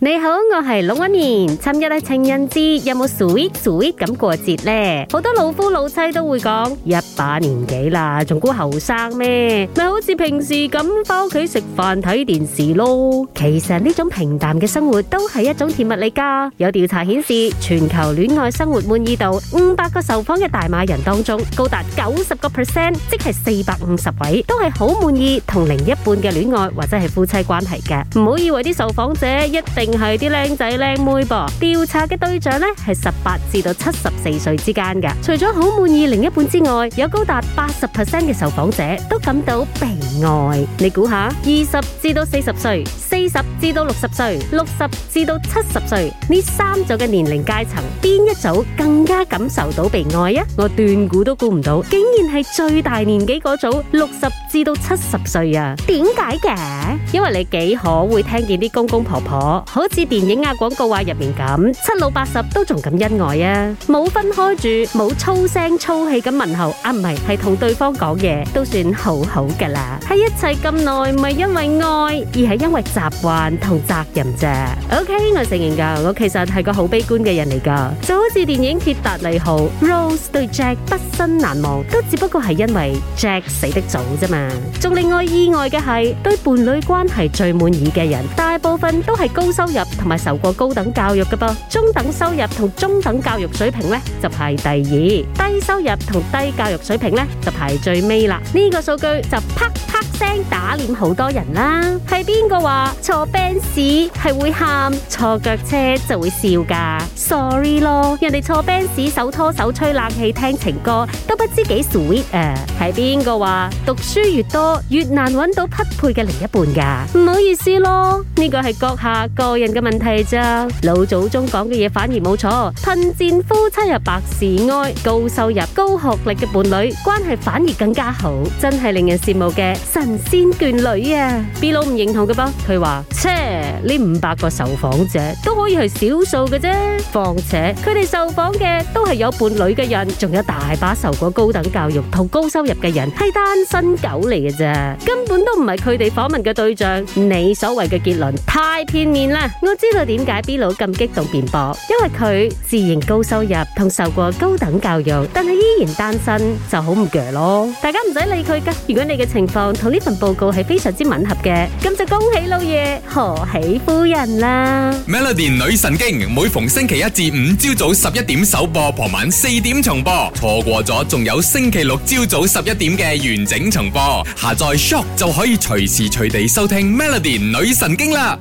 你好，我係龍紋敏，尋日係情人節，有冇 sweet sweet 咁過節呢？好多老夫老妻都會講：一把年紀啦，仲估後生咩？咪好似平時咁返屋企食飯睇電視咯。其實呢種平淡嘅生活都係一種甜蜜嚟噶。有調查顯示，全球戀愛生活滿意度，五百個受訪嘅大馬人當中，高達九十個 percent，即係四百五十位，都係好滿意同另一半嘅戀愛或者係夫妻關係嘅。唔好以為啲受訪者一定。係啲靚仔靚妹噃，調查嘅對象呢係十八至到七十四歲之間嘅。除咗好滿意另一半之外，有高達八十 percent 嘅受訪者都感到被愛。你估下，二十至到四十歲、四十至到六十歲、六十至到七十歲呢三組嘅年齡階層，邊一組更加感受到被愛啊？我斷估都估唔到，竟然係最大年紀嗰組六十至到七十歲啊！點解嘅？你幾可會聽見啲公公婆婆，好似電影啊、廣告話入面咁，七老八十都仲咁恩愛啊，冇分開住，冇粗聲粗氣咁問候，啊唔係係同對方講嘢，都算好好噶啦。喺一齊咁耐，唔係因為愛，而係因為習慣同責任啫。OK，我承認噶，我其實係個好悲觀嘅人嚟噶，就好似電影《鐵達尼號》，Rose 對 Jack 畢生難忘，都只不過係因為 Jack 死得早啫嘛。仲令我意外嘅係，對伴侶關係。係最滿意嘅人，大部分都係高收入同埋受過高等教育嘅噃，中等收入同中等教育水平咧就排第二，低收入同低教育水平咧就排最尾啦。呢、這個數據就啪。拍聲打臉好多人啦，係邊個話坐 band 士係會喊，坐腳車就會笑噶？Sorry 咯，人哋坐 band 士手拖手吹冷氣聽情歌都不知幾 sweet 啊！係邊個話讀書越多越難搵到匹配嘅另一半噶？唔好意思咯，呢個係閣下個人嘅問題咋？老祖宗講嘅嘢，反而冇錯，貧賤夫妻又百事哀，高收入高學歷嘅伴侶關係反而更加好，真係令人羨慕嘅。神仙眷侶啊，B 佬唔認同嘅噃。佢話：切，呢五百個受訪者都可以係少數嘅啫。況且佢哋受訪嘅都係有伴侶嘅人，仲有大把受過高等教育同高收入嘅人係單身狗嚟嘅啫，根本都唔係佢哋訪問嘅對象。你所謂嘅結論太片面啦！我知道點解 B 佬咁激動辯駁，因為佢自認高收入同受過高等教育，但係依然單身就好唔鋸咯。大家唔使理佢噶，如果你嘅情況，同呢份報告係非常之吻合嘅，咁就恭喜老爺賀喜夫人啦。Melody 女神經每逢星期一至五朝早十一點首播，傍晚四點重播，錯過咗仲有星期六朝早十一點嘅完整重播。下載 Shop 就可以隨時隨地收聽 Melody 女神經啦。